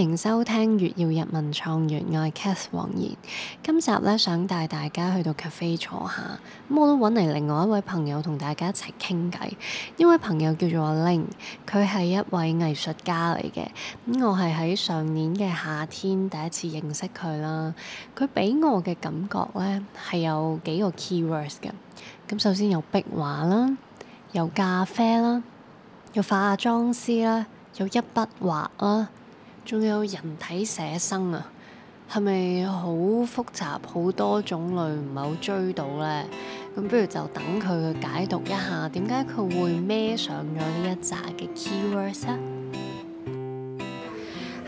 歡迎收聽《越要日文創園》，我係 Cath 黃妍。今集咧想帶大家去到咖啡坐下，咁、嗯、我都揾嚟另外一位朋友同大家一齊傾偈。呢位朋友叫做阿 Ling，佢係一位藝術家嚟嘅。咁、嗯、我係喺上年嘅夏天第一次認識佢啦。佢俾我嘅感覺咧係有幾個 keywords 嘅。咁、嗯、首先有壁畫啦，有咖啡啦，有化妝師啦，有一筆畫啦。仲有人體寫生啊，係咪好複雜好多種類唔係好追到呢？咁不如就等佢去解讀一下，點解佢會孭上咗呢一紮嘅 keywords 咧？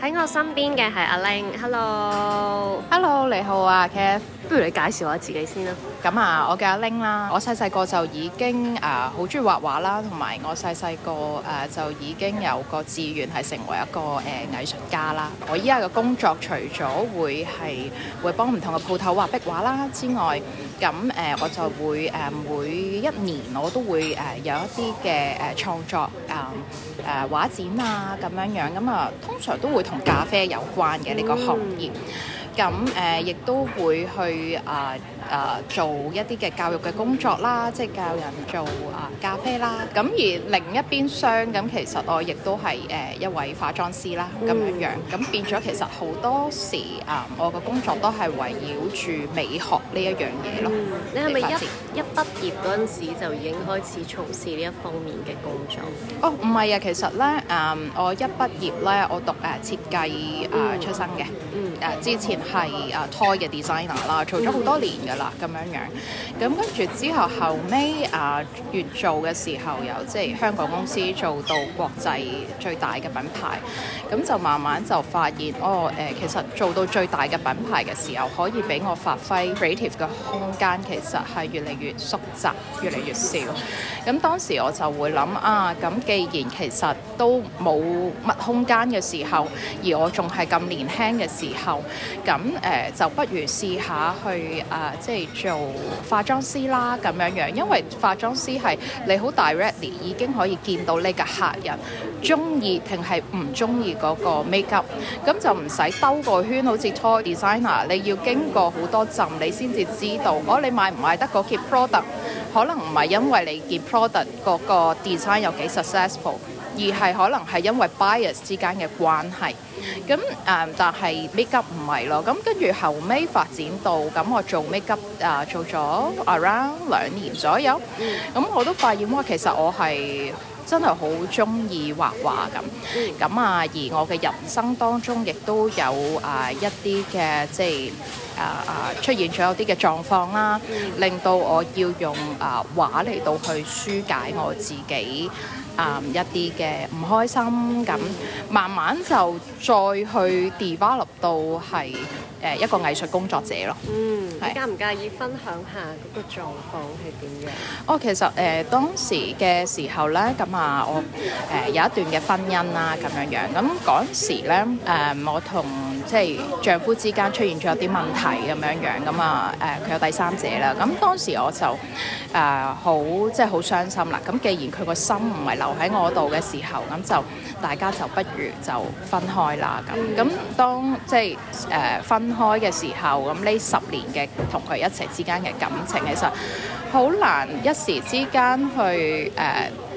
喺我身邊嘅係阿 Ling，Hello，Hello，你好啊，Cath，不如你介紹下自己先啦。咁啊，我叫阿 Ling 啦，我細細個就已經誒好中意畫畫啦，同埋我細細個誒就已經有個志願係成為一個誒、呃、藝術家啦。我依家嘅工作除咗會係會幫唔同嘅鋪頭畫壁畫啦之外。咁誒、呃，我就會誒、呃、每一年我都會誒、呃、有一啲嘅誒創作誒誒畫展啊咁樣樣，咁啊通常都會同咖啡有關嘅呢、mm. 個行業，咁、嗯、誒、呃、亦都會去啊。呃誒、uh, 做一啲嘅教育嘅工作啦，即係教人做啊咖啡啦。咁而另一邊廂，咁，其實我亦都係誒一位化妝師啦，咁樣樣。咁、mm hmm. 變咗其實好多時啊，我嘅工作都係圍繞住美學呢、mm hmm. 一樣嘢咯。你係咪一一畢業嗰陣時就已經開始從事呢一方面嘅工作？哦，唔係啊，其實咧誒、啊，我一畢業咧，我讀誒設計誒出身嘅。誒、mm hmm. mm hmm. uh, 之前係誒 toy 嘅 designer 啦，做咗好多年嘅。笑 Queens 11 啦咁樣樣，咁跟住之後後尾啊，越做嘅時候，由即係香港公司做到國際最大嘅品牌，咁就慢慢就發現哦誒、呃、其實做到最大嘅品牌嘅時候，可以俾我發揮 creative 嘅空間其實係越嚟越縮窄，越嚟越少。咁當時我就會諗啊，咁既然其實都冇乜空間嘅時候，而我仲係咁年輕嘅時候，咁誒、呃、就不如試下去啊！呃即係做化妝師啦，咁樣樣，因為化妝師係你好 directly 已經可以見到呢個客人中意定係唔中意嗰個 makeup，咁就唔使兜個圈，好似 toy designer，你要經過好多浸，你先至知道。哦，你買唔買得嗰件 product，可能唔係因為你件 product 嗰個 design 有幾 successful。而係可能係因為 bias 之間嘅關係，咁誒，但係 makeup 唔係咯。咁跟住後尾發展到，咁我做 makeup 啊，做咗 around 兩年左右。咁我都發現哇，其實我係真係好鍾意畫畫咁。咁啊，而我嘅人生當中亦都有啊一啲嘅即係啊啊出現咗有啲嘅狀況啦，令到我要用啊畫嚟到去疏解我自己。啊、嗯，一啲嘅唔開心咁，慢慢就再去 develop 到係誒一個藝術工作者咯。嗯，是你介唔介意分享下嗰個狀況係點樣？哦，其實誒、呃、當時嘅時候咧，咁、嗯、啊，我誒、呃、有一段嘅婚姻啦，咁樣樣。咁、啊、嗰時咧，誒、啊、我同。即係丈夫之間出現咗啲問題咁樣樣，咁啊誒佢有第三者啦。咁當時我就誒、呃、好即係好傷心啦。咁既然佢個心唔係留喺我度嘅時候，咁就大家就不如就分開啦。咁咁當即係誒、呃、分開嘅時候，咁呢十年嘅同佢一齊之間嘅感情，其實好難一時之間去誒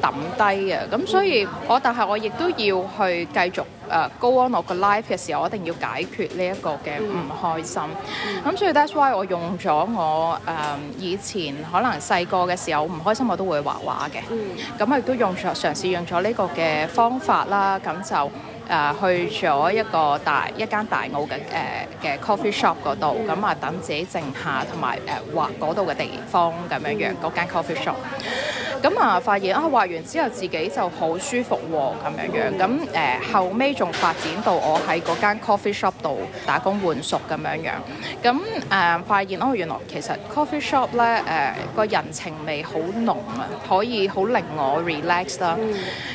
抌低嘅。咁、呃、所以我但係我亦都要去繼續。Uh, go on 我個 life 嘅時候，我一定要解決呢一個嘅唔開心。咁所以 that's why 用我用咗我誒以前可能細個嘅時候唔開心，我都會畫畫嘅。咁亦都用咗嘗試用咗呢個嘅方法啦。咁就誒去咗一個大一間大澳嘅誒嘅 coffee shop 嗰度，咁、uh, 啊、uh, 等自己靜下，同埋誒畫嗰度嘅地方咁樣樣嗰、mm hmm. 間 coffee shop。咁、嗯、啊，發現啊畫完之後自己就好舒服喎、哦，咁樣樣。咁、啊、誒後尾仲發展到我喺嗰間 coffee shop 度打工換宿咁樣樣。咁、啊、誒發現哦、啊，原來其實 coffee shop 咧誒個人情味好濃啊，可以好令我 relax 啦。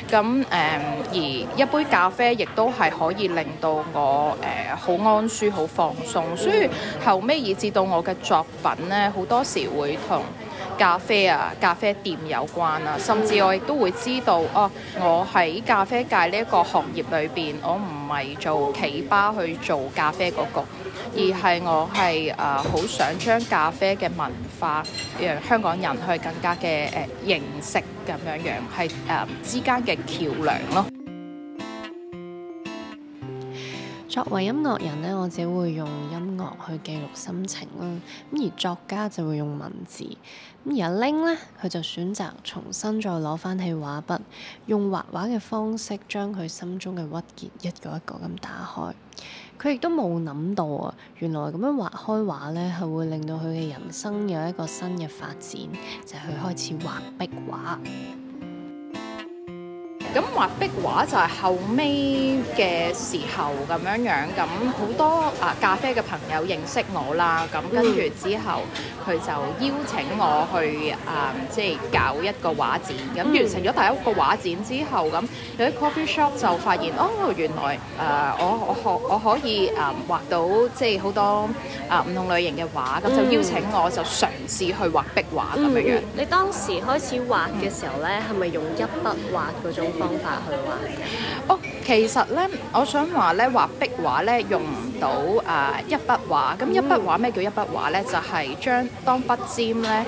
咁誒、嗯啊、而一杯咖啡亦都係可以令到我誒好、啊、安舒、好放鬆。所以後尾，以至到我嘅作品咧，好多時會同咖啡啊，咖啡店有關啊，甚至我亦都會知道哦。我喺咖啡界呢一個行業裏邊，我唔係做企巴去做咖啡嗰個，而係我係誒好想將咖啡嘅文化讓香港人去更加嘅誒認識咁樣樣，係誒、呃、之間嘅橋梁咯。作為音樂人咧，我只會用音樂去記錄心情啦。咁而作家就會用文字，咁而阿 Ling 咧，佢就選擇重新再攞翻起畫筆，用畫畫嘅方式將佢心中嘅鬱結一個一個咁打開。佢亦都冇諗到啊，原來咁樣畫開畫咧，係會令到佢嘅人生有一個新嘅發展，就係佢開始畫壁畫。咁畫壁畫就係後尾嘅時候咁樣樣，咁好多啊咖啡嘅朋友認識我啦，咁跟住之後佢就邀請我去啊、呃，即係搞一個畫展。咁完成咗第一個畫展之後，咁有啲 coffee shop 就發現哦，原來誒、呃、我我學我可以誒畫、呃、到即係好多啊唔、呃、同類型嘅畫，咁就邀請我就嘗試去畫壁畫咁樣樣、嗯、你當時開始畫嘅時候咧，係咪、嗯、用一筆畫嗰種方法去畫嘅哦，其實咧，我想話咧，畫壁畫咧用唔到誒一筆畫。咁一筆畫，咩叫一筆畫咧？就係將當筆尖咧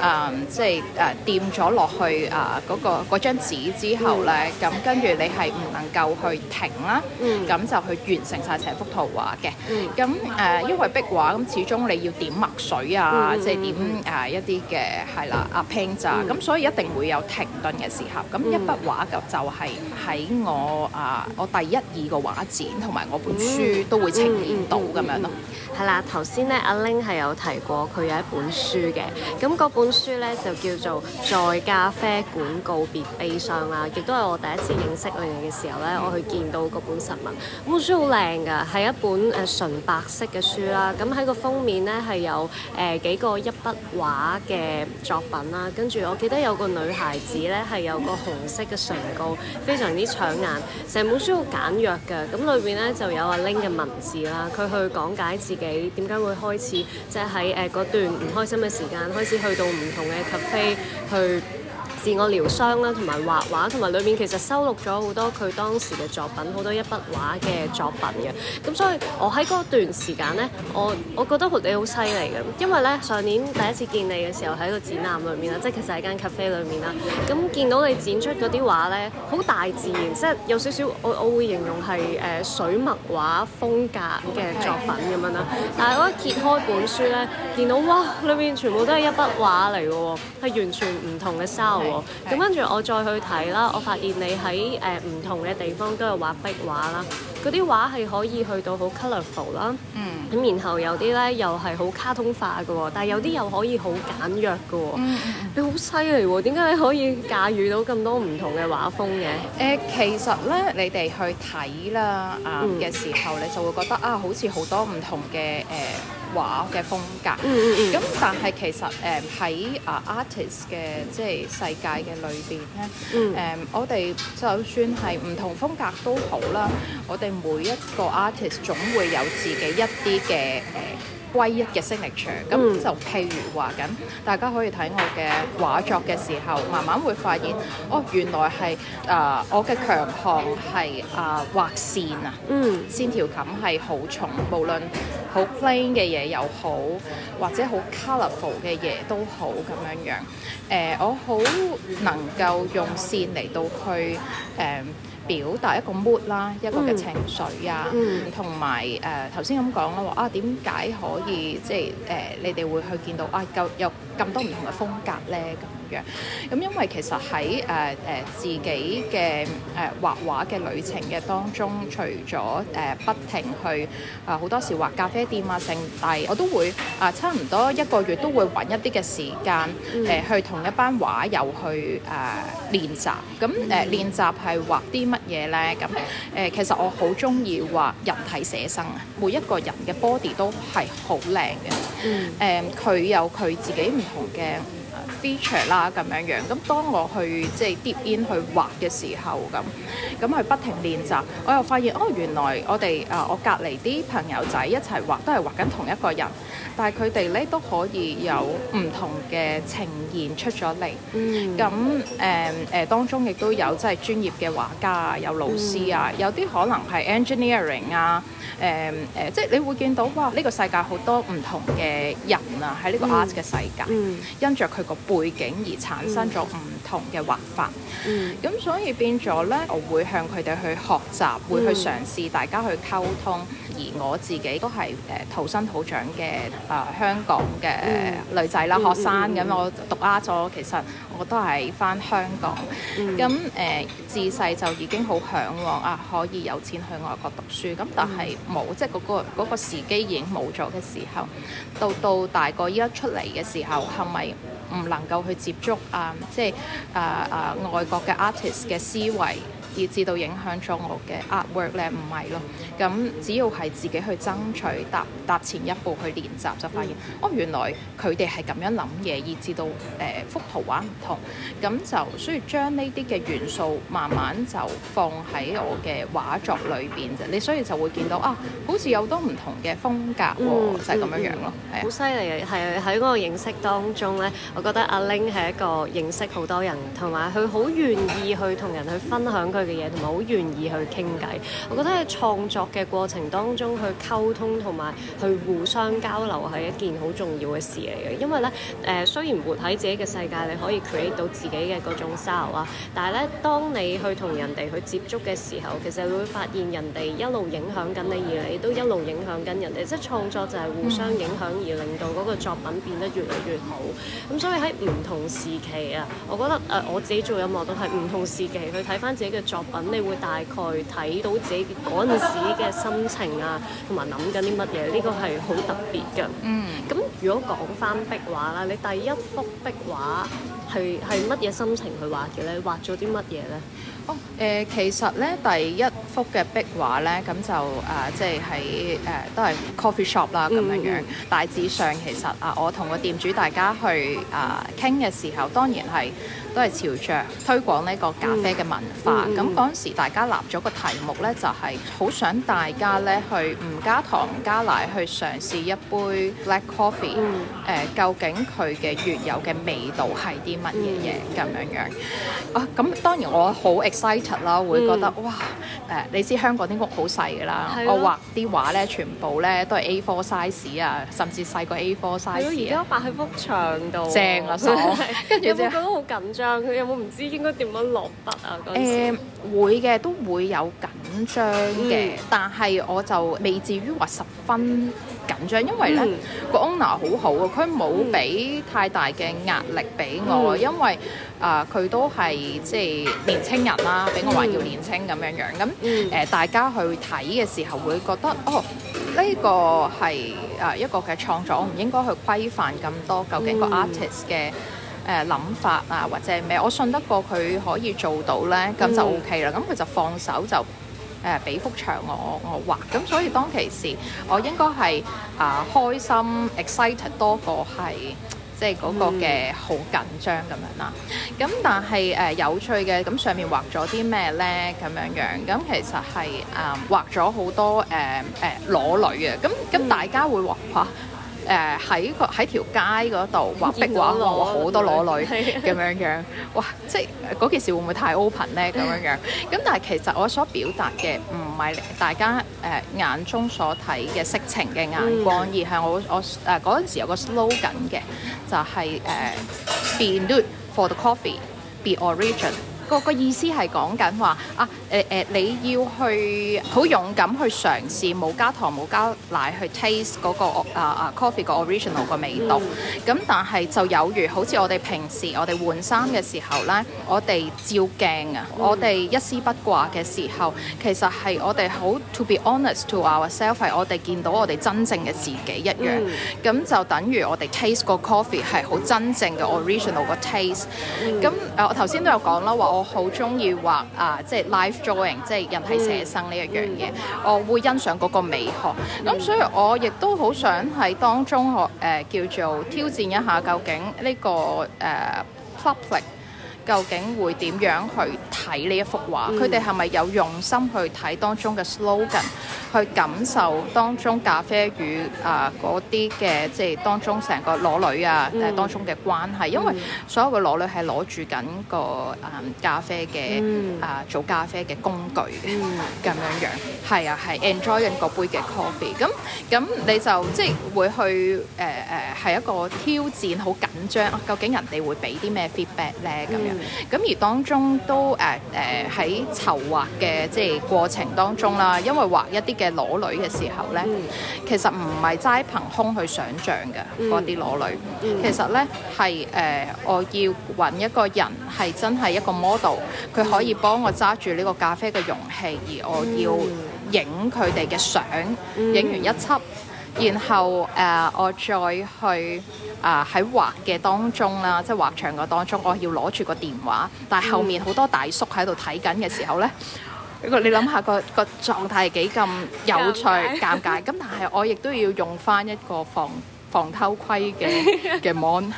誒，即係誒掂咗落去啊嗰個嗰張紙之後咧，咁跟住你係唔能夠去停啦，咁就去完成曬成幅圖畫嘅。咁誒，因為壁畫咁始終你要點墨水啊，即係點誒一啲嘅係啦，啊 paint 咋，咁所以一定會有停頓嘅時候。咁一筆畫咁。就係喺我啊，我第一二個畫展同埋我本書都會呈現到咁樣咯。係啦、like，頭先咧，阿 Ling 係有提過佢有一本書嘅，咁嗰本書咧、那個、就叫做《在咖啡館告別悲傷》啦，亦都係我第一次認識你嘅時候咧，我去見到嗰本實物。本書好靚㗎，係一本誒純、呃、白色嘅書啦。咁喺個封面咧係有誒幾個一筆畫嘅作品啦，跟住我記得有個女孩子咧係有個紅色嘅唇。非常之搶眼，成本書好簡約嘅，咁裏邊咧就有阿 Ling 嘅文字啦，佢去講解自己點解會開始即係喺誒嗰段唔開心嘅時間開始去到唔同嘅 cafe 去。我療傷啦，同埋畫畫，同埋裏面其實收錄咗好多佢當時嘅作品，好多一筆畫嘅作品嘅。咁所以我喺嗰段時間呢，我我覺得你好犀利嘅，因為呢，上年第一次見你嘅時候喺個展覽裏面啦，即係其實喺間咖啡裏面啦，咁見到你展出嗰啲畫呢，好大自然，即係有少少我我會形容係誒、呃、水墨畫風格嘅作品咁樣啦。但係我一揭開本書呢，見到哇，裏面全部都係一筆畫嚟嘅喎，係完全唔同嘅 style 喎、okay. 咁跟住我再去睇啦，我發現你喺誒唔同嘅地方都有畫壁畫啦，嗰啲畫係可以去到好 colourful 啦，咁、嗯、然後有啲咧又係好卡通化㗎喎，但係有啲又可以好簡約㗎喎，嗯、你好犀利喎，點解你可以駕馭到咁多唔同嘅畫風嘅？誒、呃，其實咧你哋去睇啦啊嘅、呃嗯、時候，你就會覺得啊，好似好多唔同嘅誒。呃畫嘅風格，咁、嗯嗯、但係其實誒喺、嗯、啊 artist 嘅即係世界嘅裏邊咧，誒、嗯嗯、我哋就算係唔同風格都好啦，我哋每一個 artist 總會有自己一啲嘅誒。嗯歸一嘅 signature，咁就譬如話緊，大家可以睇我嘅畫作嘅時候，慢慢會發現哦，原來係誒、呃、我嘅強項係誒、呃、畫線啊，嗯、線條感係好重，無論好 plain 嘅嘢又好，或者好 colourful 嘅嘢都好咁樣樣。誒、呃，我好能夠用線嚟到去誒。呃表達一個 mood 啦，一個嘅情緒、嗯呃、啊，同埋誒頭先咁講啦，話啊點解可以即係誒你哋會去見到啊夠有咁多唔同嘅風格咧咁？咁、嗯，因為其實喺誒誒自己嘅誒、呃、畫畫嘅旅程嘅當中，除咗誒、呃、不停去啊好、呃、多時畫咖啡店啊聖地，等等，但我都會啊、呃、差唔多一個月都會搵一啲嘅時間誒、呃、去同一班畫友去誒、呃、練習。咁誒、呃、練習係畫啲乜嘢咧？咁、呃、誒其實我好鍾意畫人體寫生啊！每一個人嘅 body 都係好靚嘅，誒、呃、佢有佢自己唔同嘅。feature 啦，咁樣樣，咁當我去即係 deep in 去畫嘅時候，咁咁去不停練習，我又發現哦，原來我哋啊、呃，我隔離啲朋友仔一齊畫都係畫緊同一個人，但係佢哋咧都可以有唔同嘅呈現出咗嚟。咁誒誒當中亦都有即係專業嘅畫家啊，有老師啊，嗯、有啲可能係 engineering 啊，誒、嗯、誒、嗯、即係你會見到哇，呢、呢個世界好多唔同嘅人啊，喺呢個 art 嘅世界，因着佢個。嗯嗯嗯嗯背景而產生咗唔同嘅畫法，咁、嗯、所以變咗咧，我會向佢哋去學習，會去嘗試，大家去溝通。嗯嗯而我自己都係誒土生土長嘅誒、啊、香港嘅女仔啦，嗯、學生咁、嗯、我讀啊咗，其實我都係返香港，咁誒、嗯呃、自細就已經好向往啊，可以有錢去外國讀書，咁但係冇，嗯、即係、嗰、嗰個嗰、嗰個時機已經冇咗嘅時候，到到大個依家出嚟嘅時候，係咪唔能夠去接觸啊？即係啊啊外國嘅 artist 嘅思維？以至到影響咗我嘅 artwork 咧，唔係咯。咁只要係自己去爭取踏踏前一步去練習，就發現、mm hmm. 哦，原來佢哋係咁樣諗嘢，以至到誒、呃、幅圖畫唔同。咁就所以將呢啲嘅元素慢慢就放喺我嘅畫作裏邊啫。你所以就會見到啊，好似有多唔同嘅風格，mm hmm. 就係咁樣樣咯。係啊、mm，好犀利啊！係喺嗰個認識當中咧，我覺得阿 Ling 係一個認識好多人，同埋佢好願意去同人去分享佢。嘅嘢同埋好願意去傾偈，我覺得喺創作嘅過程當中去溝通同埋去互相交流係一件好重要嘅事嚟嘅，因為咧誒、呃、雖然活喺自己嘅世界，你可以 create 到自己嘅嗰種 style 啊，但係咧當你去同人哋去接觸嘅時候，其實你會發現人哋一路影響緊你，而你都一路影響緊人哋，即係創作就係互相影響而令到嗰個作品變得越嚟越好。咁所以喺唔同時期啊，我覺得誒、呃、我自己做音樂都係唔同時期去睇翻自己嘅。作品，你會大概睇到自己嗰陣時嘅心情啊，同埋諗緊啲乜嘢？呢個係好特別嘅。嗯。咁如果講翻壁畫啦，你第一幅壁畫係係乜嘢心情去畫嘅咧？畫咗啲乜嘢咧？哦，誒、呃，其實咧第一。嘅壁畫呢，咁就誒，即係喺誒，都係 coffee shop 啦，咁樣樣。大致上其實啊，我同個店主大家去誒傾嘅時候，當然係都係朝着推廣呢個咖啡嘅文化。咁嗰陣時，大家立咗個題目呢，就係好想大家呢去唔加糖、唔加奶，去嘗試一杯 black coffee、嗯嗯。究竟佢嘅原有嘅味道係啲乜嘢嘢咁樣樣啊？咁、嗯、當然我好 excited 啦，嗯、會覺得哇誒！呃你知香港啲屋好細㗎啦，啊、我畫啲畫咧，全部咧都係 A4 size 啊，甚至細過 A4 size。係而家擺喺幅牆度、嗯。正啊，真係。跟住 然後 有冇覺得好緊張？後佢有冇唔知應該點樣落筆啊？嗰陣，嗯、會嘅，都會有緊張嘅，但係我就未至於話十分緊張，因為咧個 owner 好好啊，佢冇俾太大嘅壓力俾我，嗯、因為啊，佢、呃、都係即係年青人啦，俾我話要年青咁樣樣咁。呃、大家去睇嘅時候會覺得，哦，呢、呢個係啊、呃、一個嘅創作，我唔、嗯、應該去規範咁多，究竟個 artist 嘅誒諗法啊或者咩，我信得過佢可以做到呢，咁就 OK 啦。咁佢、嗯、就放手就誒、呃、俾幅牆我我畫，咁所以當其時我應該係啊、呃、開心 excited 多過係。即係嗰個嘅好、嗯、緊張咁樣啦，咁但係誒、呃、有趣嘅，咁上面畫咗啲咩咧？咁樣樣，咁其實係啊、呃、畫咗好多誒誒、呃呃、裸女嘅，咁咁大家會畫。嗯誒喺、呃、個喺條街嗰度畫壁畫，畫好多裸女咁樣、嗯、樣，哇！即係嗰件事會唔會太 open 咧？咁樣樣，咁但係其實我所表達嘅唔係大家誒、呃、眼中所睇嘅色情嘅眼光，嗯、而係我我誒嗰陣時有個 slogan 嘅，就係、是、誒、呃、be nude for the coffee，be original。個個意思係講緊話啊誒誒、呃呃、你要去好勇敢去嘗試冇加糖冇加奶去 taste 嗰個啊啊 coffee 個 original 個味道。咁、mm. 但係就有如好似我哋平時我哋換衫嘅時候咧，我哋照鏡啊，mm. 我哋一絲不掛嘅時候，其實係我哋好 to be honest to ourself，係我哋見到我哋真正嘅自己一樣，咁、mm. 就等於我哋 taste 個 coffee 係好真正嘅 original 個 taste。咁誒、mm. 我頭先都有講啦，話。我好中意畫啊，即係 life drawing，即係人體寫生呢一樣嘢。Mm. 我會欣賞嗰個美學，咁所以我亦都好想喺當中我誒、呃、叫做挑戰一下，究竟呢、呢個誒、呃、public 究竟會點樣去睇呢一幅畫？佢哋係咪有用心去睇當中嘅 slogan？去感受當中咖啡與啊啲嘅即係當中成個裸女啊，誒、嗯、當中嘅關係，因為所有嘅裸女係攞住緊個誒咖啡嘅、嗯、啊做咖啡嘅工具嘅咁、嗯、樣樣係啊係 enjoy 緊杯嘅 coffee。咁咁你就即係會去誒誒係一個挑戰好緊張啊！究竟人哋會俾啲咩 feedback 咧？咁樣咁、嗯、而當中都誒誒喺籌劃嘅即係過程當中啦，因為畫一啲嘅裸女嘅時候呢，嗯、其實唔係齋憑空去想像嘅嗰啲裸女，嗯、其實呢，係誒、呃，我要揾一個人係真係一個 model，佢、嗯、可以幫我揸住呢個咖啡嘅容器，而我要影佢哋嘅相，影、嗯、完一輯，嗯、然後誒、呃、我再去啊喺、呃、畫嘅當中啦，即係畫牆嘅當中，我要攞住個電話，但係後面好多大叔喺度睇緊嘅時候呢。嗯你諗下個個狀態係幾咁有趣尷 尬，咁但係我亦都要用翻一個放，防偷窺嘅嘅 mon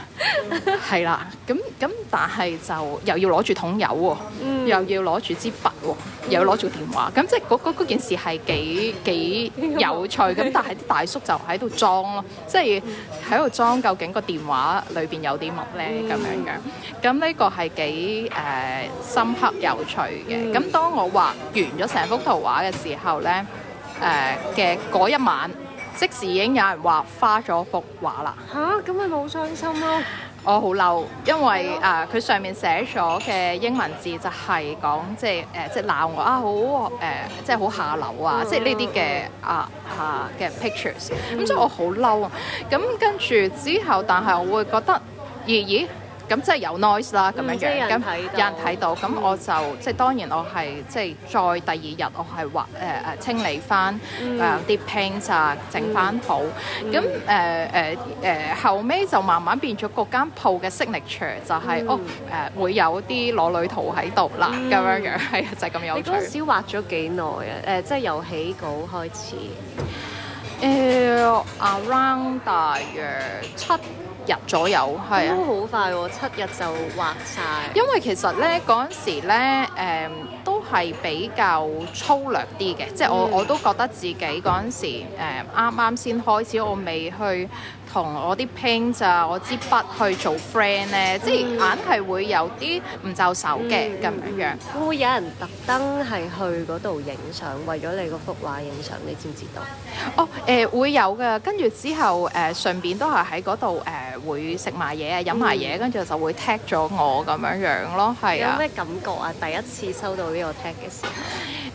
係啦，咁咁但係就又要攞住桶油喎，又要攞住支筆喎，又要攞住電話，咁即係嗰嗰嗰件事係幾幾有趣，咁但係啲大叔就喺度裝咯，即係喺度裝究竟個電話裏邊有啲乜呢咁樣樣，咁呢個係幾誒深刻有趣嘅，咁當我畫完咗成幅圖畫嘅時候呢，誒嘅嗰一晚。即時已經有人畫花咗幅畫啦！嚇、啊，咁你冇傷心咯！ 我好嬲，因為誒佢的、啊、上面寫咗嘅英文字就係講即係誒、呃、即係鬧我啊，好誒即係好下流啊！即係呢啲嘅啊啊嘅 pictures，咁所以我好嬲啊！咁跟住之後，但係我會覺得咦咦～、欸欸咁即係有 noise 啦，咁樣樣，咁有人睇到，咁我就即係當然我係即係再第二日我係畫誒誒清理翻誒啲 paint 啊，整翻好。咁誒誒誒後尾就慢慢變咗嗰間鋪嘅 signature，就係哦，誒會有啲裸女圖喺度啦，咁樣樣係啊，就係咁有趣。你嗰時畫咗幾耐啊？誒，即係由起稿開始。誒，around 大約七日左右，係啊，都、哦、好快喎，哦，七日就畫晒。因為其實咧嗰陣時咧，誒、嗯、都係比較粗略啲嘅，嗯、即係我我都覺得自己嗰陣時啱啱先開始，我未去。嗯同我啲 paint 就，我支筆去做 friend 咧、嗯，即係硬係會有啲唔就手嘅咁、嗯、樣樣、哦呃。會有人特登係去嗰度影相，為咗你嗰幅畫影相，你知唔知道？哦，誒會有嘅，跟住之後誒、呃、順便都係喺嗰度誒會食埋嘢啊，飲埋嘢，跟住、嗯、就會 tag 咗我咁樣樣咯，係啊。有咩感覺啊？第一次收到呢個 tag 嘅時候，誒、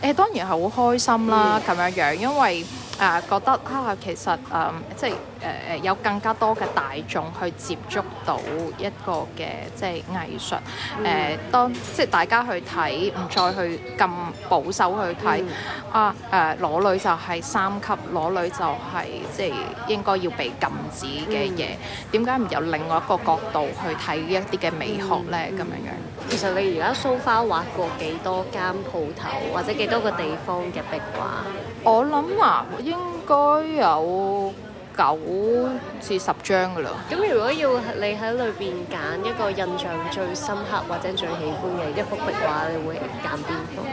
呃、當然係好開心啦，咁樣、嗯、樣，因為。誒、uh, 覺得啊，其實誒、嗯、即係誒誒有更加多嘅大眾去接觸到一個嘅即係藝術誒、嗯呃，當即係大家去睇唔再去咁保守去睇、嗯、啊誒、呃、裸女就係三級，裸女就係、係、即係應該要被禁止嘅嘢，點解唔由另外一個角度去睇一啲嘅美學咧？咁、嗯嗯、樣樣其實你而家蘇花畫過幾多間鋪頭，或者幾多個地方嘅壁畫？我諗啊，應該有九至十張噶啦。咁如果要你喺裏邊揀一個印象最深刻或者最喜歡嘅一幅壁畫，你會揀邊幅？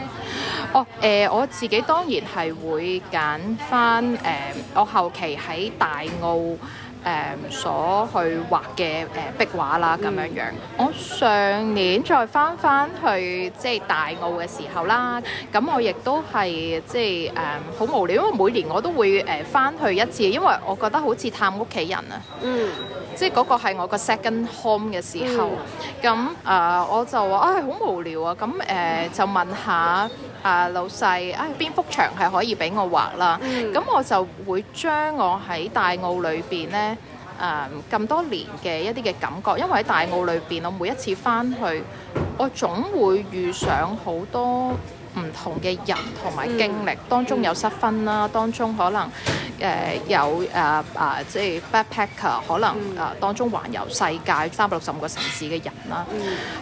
哦、呃，我自己當然係會揀返、呃、我後期喺大澳誒所去畫嘅誒壁畫啦，咁樣樣。嗯、我上年再返返去即係大澳嘅時候啦，咁我亦都係即係誒好無聊，因為每年我都會誒返去一次，因為我覺得好似探屋企人啊，嗯，即係嗰個係我個 second home 嘅時候，咁啊我就話啊好無聊啊，咁誒就問下。啊，老細、嗯，啊，邊幅牆係可以俾我畫啦？咁我就會將我喺大澳裏邊呢咁多年嘅一啲嘅感覺，因為喺大澳裏邊，我每一次翻去，我總會遇上好多。唔同嘅人同埋經歷，當中有失分啦，當中可能誒、呃、有啊啊、呃呃，即係 backpacker，可能啊、呃、當中環遊世界三百六十五個城市嘅人啦，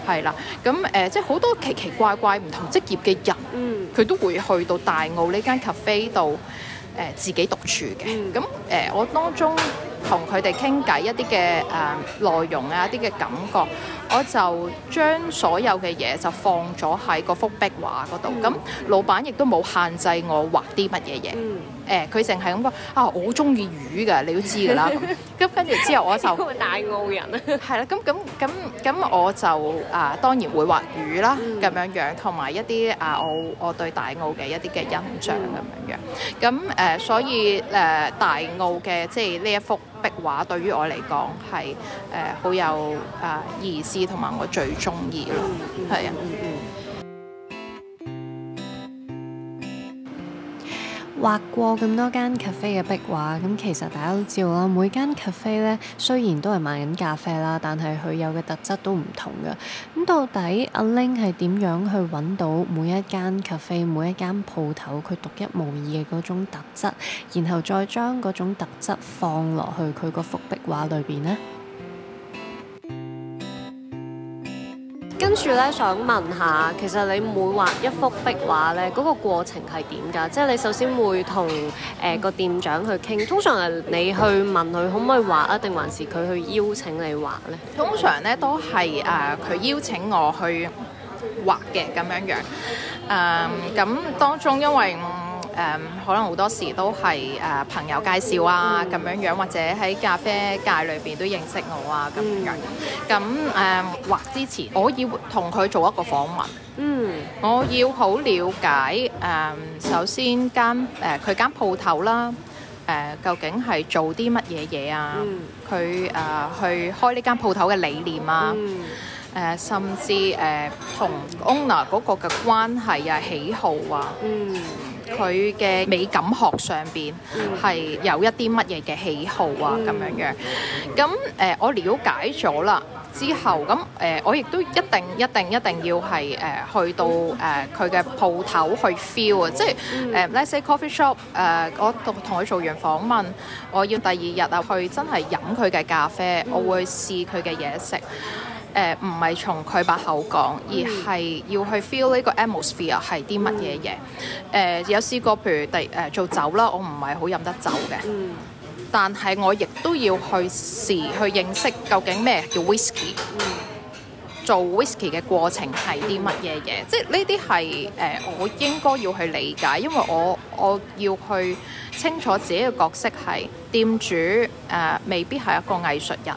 係啦、嗯，咁誒、呃、即係好多奇奇怪怪唔同職業嘅人，佢、嗯、都會去到大澳呢間 cafe 度誒自己獨處嘅，咁誒、嗯呃、我當中。同佢哋傾偈一啲嘅誒內容啊，一啲嘅感覺，我就將所有嘅嘢就放咗喺嗰幅壁畫嗰度。咁、嗯、老闆亦都冇限制我畫啲乜嘢嘢。嗯誒佢淨係咁講啊，我好中意魚㗎，你都知㗎啦。咁跟住之後，我就 大澳人啊。係 啦，咁咁咁咁我就啊、呃，當然會畫魚啦，咁樣、嗯、樣，同埋一啲啊，我我對大澳嘅一啲嘅印象咁樣樣。咁誒、嗯呃，所以誒、呃、大澳嘅即係呢一幅壁畫，對於我嚟講係誒好有啊、呃、意思，同埋我最中意咯，係啊。畫過咁多間 cafe 嘅壁畫，咁其實大家都知道啦。每間 cafe 咧，雖然都係賣緊咖啡啦，但係佢有嘅特質都唔同嘅。咁到底阿 Ling 係點樣去揾到每一間 cafe、每一間鋪頭佢獨一無二嘅嗰種特質，然後再將嗰種特質放落去佢嗰幅壁畫裏邊呢？跟住咧，想問下，其實你每畫一幅壁畫呢嗰、嗰個過程係點㗎？即係你首先會同誒個店長去傾，通常係你去問佢可唔可以畫，定還是佢去邀請你畫呢？通常呢都係誒佢邀請我去畫嘅咁樣樣。誒、呃、咁當中因為。誒、um, 可能好多時都係誒、啊、朋友介紹啊，咁樣樣或者喺咖啡界裏邊都認識我啊，咁樣。咁誒畫之前，我要同佢做一個訪問。嗯，我要好了解誒、啊，首先間誒佢間鋪頭啦，誒、啊、究竟係做啲乜嘢嘢啊？佢誒、嗯啊、去開呢間鋪頭嘅理念啊，誒、嗯啊、甚至誒同、啊、owner 嗰個嘅關係啊、喜好啊。嗯。佢嘅美感學上邊係有一啲乜嘢嘅喜好啊，咁樣樣咁誒，我了解咗啦之後咁誒、呃，我亦都一定一定一定要係誒、呃、去到誒佢嘅鋪頭去 feel 啊，即、呃、係誒、嗯、let's say coffee shop 誒、呃，我同同佢做完訪問，我要第二日啊去真係飲佢嘅咖啡，我會試佢嘅嘢食。誒唔係從佢把口講，而係要去 feel 呢個 atmosphere 係啲乜嘢嘢。誒、嗯呃、有試過譬如第誒、呃、做酒啦，我唔係好飲得酒嘅，嗯、但係我亦都要去試去認識究竟咩叫 whisky、嗯、做 whisky 嘅過程係啲乜嘢嘢？嗯、即係呢啲係誒我應該要去理解，因為我我要去清楚自己嘅角色係店主誒、呃，未必係一個藝術人。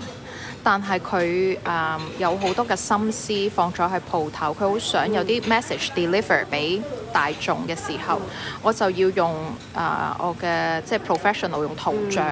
但係佢誒有好多嘅心思放咗喺鋪頭，佢好想有啲 message deliver 俾大眾嘅時候，嗯、我就要用誒、呃、我嘅即係 professional 用圖像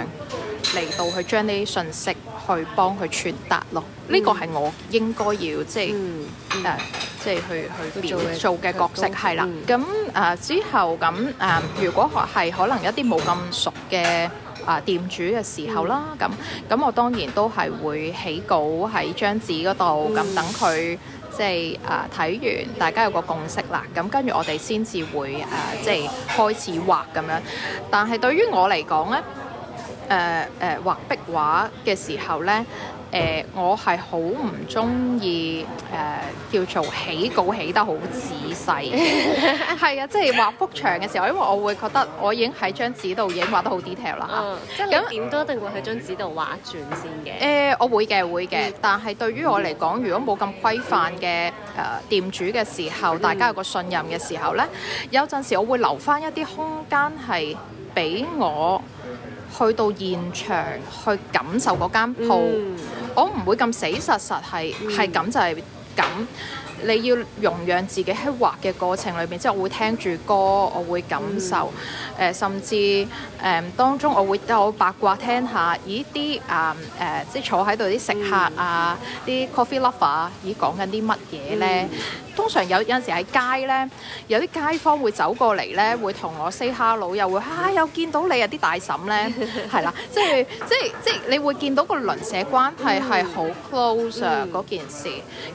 嚟、嗯、到去將呢啲信息去幫佢傳達咯。呢個係我應該要即係誒即係去去做嘅角色係啦。咁誒之後咁誒，如果係可能一啲冇咁熟嘅。嗯嗯啊！店主嘅時候啦，咁咁、嗯、我當然都係會起稿喺張紙嗰度，咁等佢即係啊睇完，大家有個共識啦，咁跟住我哋先至會啊即係、就是、開始畫咁樣。但係對於我嚟講咧。誒誒、uh, 呃、畫壁畫嘅時候咧，誒、呃、我係好唔中意誒叫做起稿起得好仔細，係 啊，即係畫幅牆嘅時候，因為我會覺得我已經喺張紙度已經畫得好 detail 啦嚇。嗯。即係咁點都一定會喺張紙度畫轉先嘅。誒、呃，我會嘅，會嘅。但係對於我嚟講，如果冇咁規範嘅誒、呃、店主嘅時候，大家有個信任嘅時候咧，有陣時我會留翻一啲空間係俾我。去到現場去感受嗰間鋪，嗯、我唔會咁死實實係係咁就係咁。你要容讓自己喺畫嘅過程裏面，即、就係、我會聽住歌，我會感受、嗯呃、甚至。誒當中我會有八卦聽下，咦啲啊誒即係坐喺度啲食客啊，啲 coffee lover 咦講緊啲乜嘢咧？通常有有陣時喺街咧，有啲街坊會走過嚟咧，會同我 say hello，又會啊又見到你啊，啲大嬸咧，係啦，即係即係即係你會見到個鄰舍關係係好 close 嗰件事，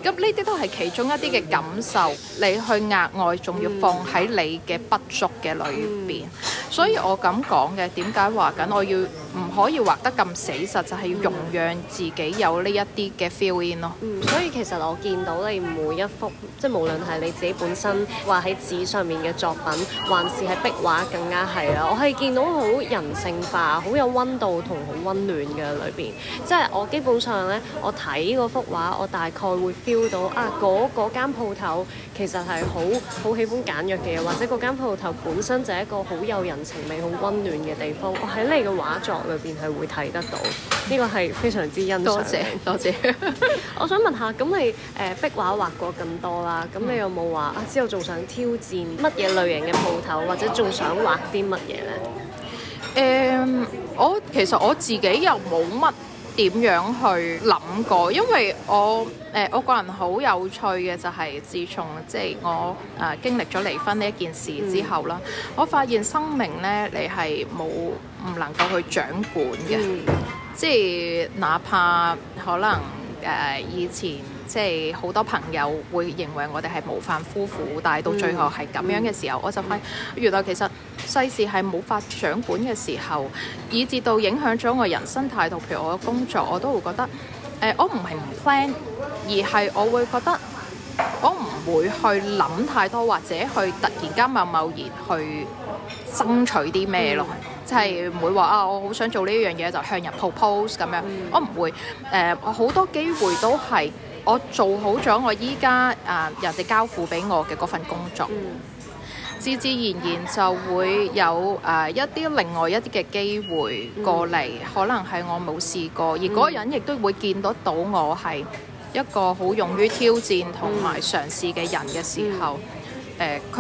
咁呢啲都係其中一啲嘅感受，你去額外仲要放喺你嘅不足嘅裏邊，所以我咁講。點解話緊我要？唔可以畫得咁死實，就係、是，要容讓自己有呢一啲嘅 feeling 咯。嗯，所以其實我見到你每一幅，即係無論係你自己本身畫喺紙上面嘅作品，還是係壁畫更加係啦，我係見到好人性化、好有溫度同好溫暖嘅裏邊。即係我基本上咧，我睇嗰幅畫，我大概會 feel 到啊，嗰嗰間鋪頭其實係好好喜歡簡約嘅嘢，或者間鋪頭本身就係一個好有人情味、好溫暖嘅地方。我喺你嘅畫作。裏邊係會睇得到，呢個係非常之欣賞。多謝多謝。謝謝 我想問下，咁你誒壁、呃、畫畫過咁多啦，咁你有冇話啊，之後仲想挑戰乜嘢類型嘅鋪頭，或者仲想畫啲乜嘢呢？誒、嗯，我其實我自己又冇乜。點樣去諗過？因為我誒、呃，我個人好有趣嘅就係，自從即係我誒、呃、經歷咗離婚呢一件事之後啦，嗯、我發現生命呢，你係冇唔能夠去掌管嘅，嗯、即係哪怕可能誒、呃、以前。即係好多朋友會認為我哋係模範夫婦，但係到最後係咁樣嘅時候，嗯、我就發現、嗯、原來其實世事係冇法掌管嘅時候，以至到影響咗我人生態度，譬如我嘅工作，我都會覺得誒、呃，我唔係唔 plan，而係我會覺得我唔會去諗太多，或者去突然間貿貿然去爭取啲咩咯，即係唔會話啊，我好想做呢一樣嘢就向人 propose 咁樣，嗯、我唔會、呃、我好多機會都係。我做好咗，我、呃、依家啊人哋交付俾我嘅嗰份工作，嗯、自自然然就會有誒、呃、一啲另外一啲嘅機會過嚟，嗯、可能係我冇試過，而嗰個人亦都會見得到我係一個好勇於挑戰同埋嘗試嘅人嘅時候，誒佢、嗯嗯呃、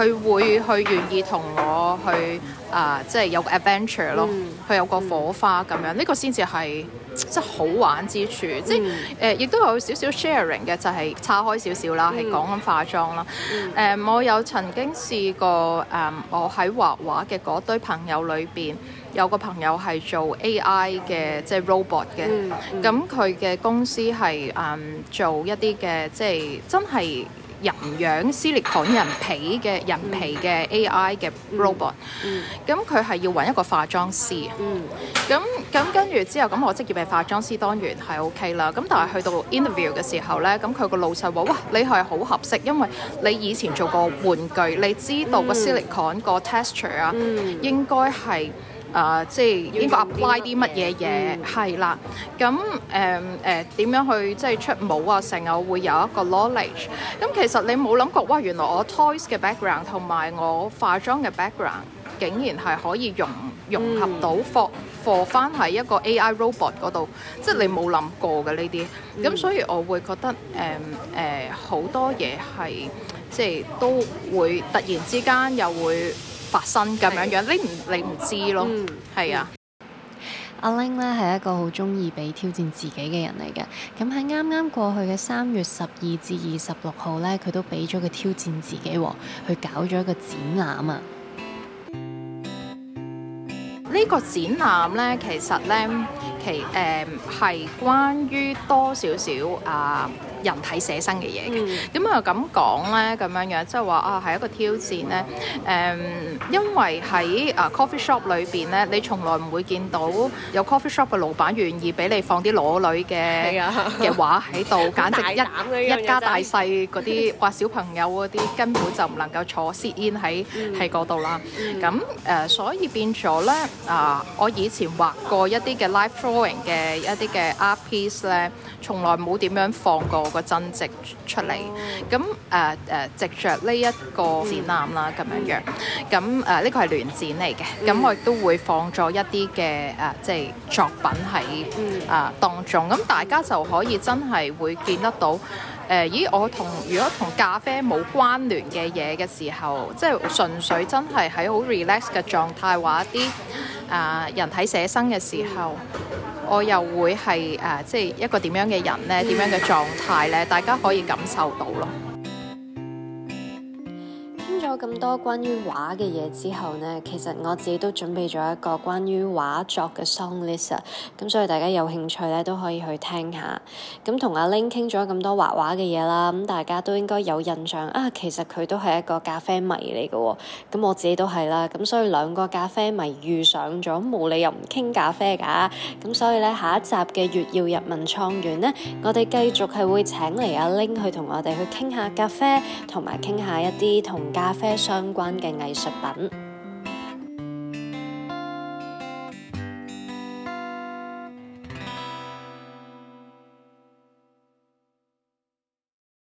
會去願意同我去啊，即、呃、係、即係、有個 adventure 咯，佢、嗯、有個火花咁樣呢、嗯嗯、個先至係。即係好玩之處，即係誒，亦都、嗯、有少少 sharing 嘅，就係岔開少少啦，係講緊化妝啦。誒、嗯嗯，我有曾經試過誒、嗯，我喺畫畫嘅嗰堆朋友裏邊，有個朋友係做 AI 嘅，即係 robot 嘅。咁佢嘅公司係誒、嗯、做一啲嘅，即係真係。人樣 silicon 人皮嘅人皮嘅 AI 嘅 robot，咁佢係要揾一個化妝師，咁咁跟住之後，咁我職業係化妝師當然係 OK 啦。咁但係去到 interview 嘅時候呢，咁佢個老細話：哇，你係好合適，因為你以前做過玩具，你知道個 silicon 個 texture 啊，應該係。誒，即係應該 apply 啲乜嘢嘢係啦。咁誒誒，點樣去即係出舞啊？成日會有一個 knowledge。咁其實你冇諗過，哇！原來我 toys 嘅 background 同埋我化妝嘅 background，竟然係可以融融合到 for for 翻喺一個 AI robot 嗰度。即係你冇諗過嘅呢啲。咁所以我會覺得誒誒，好多嘢係即係都會突然之間又會。發生咁樣樣的，你唔你唔知咯。係啊、嗯，的阿 Ling 咧係一個好中意俾挑戰自己嘅人嚟嘅。咁喺啱啱過去嘅三月十二至二十六號呢，佢都俾咗個挑戰自己，去搞咗一個展覽啊。呢個展覽呢，其實呢，其誒係、呃、關於多少少啊。呃人體寫生嘅嘢嘅，咁啊咁講咧咁樣樣，即係話啊係一個挑戰咧。誒，因為喺啊 coffee shop 裏邊咧，你從來唔會見到有 coffee shop 嘅老闆願意俾你放啲裸女嘅嘅畫喺度，簡直一一家大細嗰啲或小朋友嗰啲根本就唔能夠坐 sit in 喺喺嗰度啦。咁誒，所以變咗咧啊，我以前畫過一啲嘅 life drawing 嘅一啲嘅 art piece 咧，從來冇點樣放過。個增值出嚟，咁誒誒，藉著呢一個展覽啦，咁樣樣，咁誒呢個係聯展嚟嘅，咁我亦都會放咗一啲嘅誒，即係作品喺啊、呃、當中，咁大家就可以真係會見得到誒、呃，咦，我同如果同咖啡冇關聯嘅嘢嘅時候，即、就、係、是、純粹真係喺好 relax 嘅狀態畫一啲啊、呃、人體寫生嘅時候。我又會係誒、呃，即係一個點樣嘅人咧，點樣嘅狀態咧，大家可以感受到咯。咁多關於畫嘅嘢之後咧，其實我自己都準備咗一個關於畫作嘅 song list，咁所以大家有興趣咧都可以去聽下。咁同阿 Ling 傾咗咁多畫畫嘅嘢啦，咁大家都應該有印象啊，其實佢都係一個咖啡迷嚟嘅，哦，咁我自己都係啦，咁所以兩個咖啡迷遇上咗，冇理由唔傾咖啡㗎，啊。咁所以咧下一集嘅月曜日文創園咧，我哋繼續係會請嚟阿 Ling 去同我哋去傾下咖啡，同埋傾下一啲同咖啡相關的藝術品。